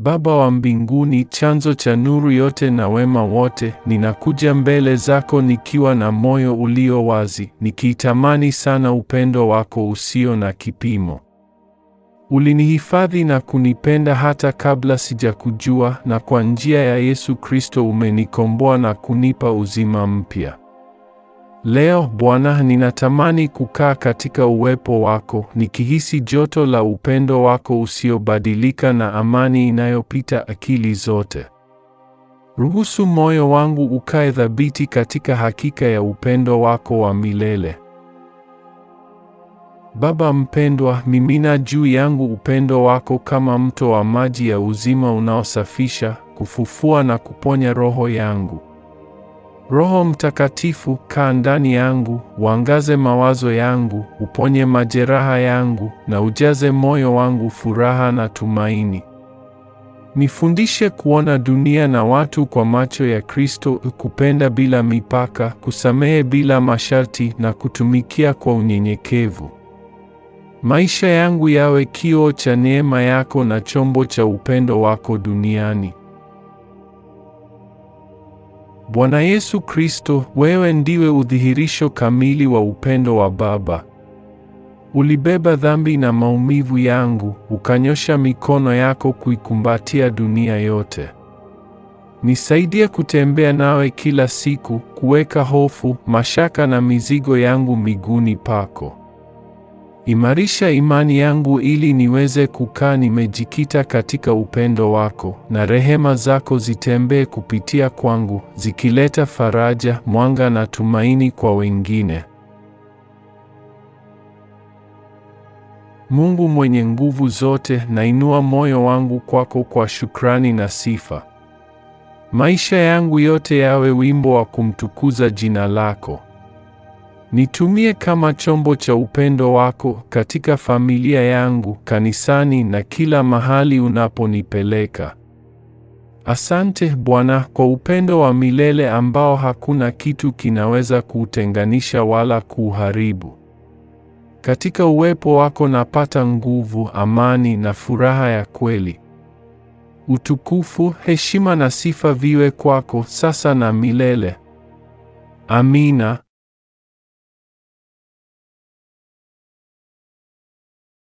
Baba wa mbinguni, chanzo cha nuru yote na wema wote, ninakuja mbele zako nikiwa na moyo ulio wazi, nikiitamani sana upendo wako usio na kipimo. Ulinihifadhi na kunipenda hata kabla sijakujua, na kwa njia ya Yesu Kristo umenikomboa na kunipa uzima mpya. Leo Bwana, ninatamani kukaa katika uwepo wako, nikihisi joto la upendo wako usiobadilika na amani inayopita akili zote. Ruhusu moyo wangu ukae thabiti katika hakika ya upendo wako wa milele. Baba mpendwa, mimina juu yangu upendo wako kama mto wa maji ya uzima unaosafisha, kufufua na kuponya roho yangu. Roho Mtakatifu, kaa ndani yangu, uangaze mawazo yangu, uponye majeraha yangu, na ujaze moyo wangu furaha na tumaini. Nifundishe kuona dunia na watu kwa macho ya Kristo, kupenda bila mipaka, kusamehe bila masharti, na kutumikia kwa unyenyekevu. Maisha yangu yawe kioo cha neema yako na chombo cha upendo wako duniani. Bwana Yesu Kristo, wewe ndiwe udhihirisho kamili wa upendo wa Baba. Ulibeba dhambi na maumivu yangu, ukanyosha mikono yako kuikumbatia dunia yote. Nisaidie kutembea nawe kila siku, kuweka hofu, mashaka na mizigo yangu miguuni pako. Imarisha imani yangu ili niweze kukaa nimejikita katika upendo wako, na rehema zako zitembee kupitia kwangu, zikileta faraja, mwanga na tumaini kwa wengine. Mungu mwenye nguvu zote, nainua moyo wangu kwako kwa shukrani na sifa. Maisha yangu yote yawe wimbo wa kumtukuza jina lako. Nitumie kama chombo cha upendo wako katika familia yangu, kanisani na kila mahali unaponipeleka. Asante Bwana kwa upendo wa milele ambao hakuna kitu kinaweza kuutenganisha wala kuuharibu. Katika uwepo wako napata nguvu, amani na furaha ya kweli. Utukufu, heshima na sifa viwe kwako sasa na milele. Amina.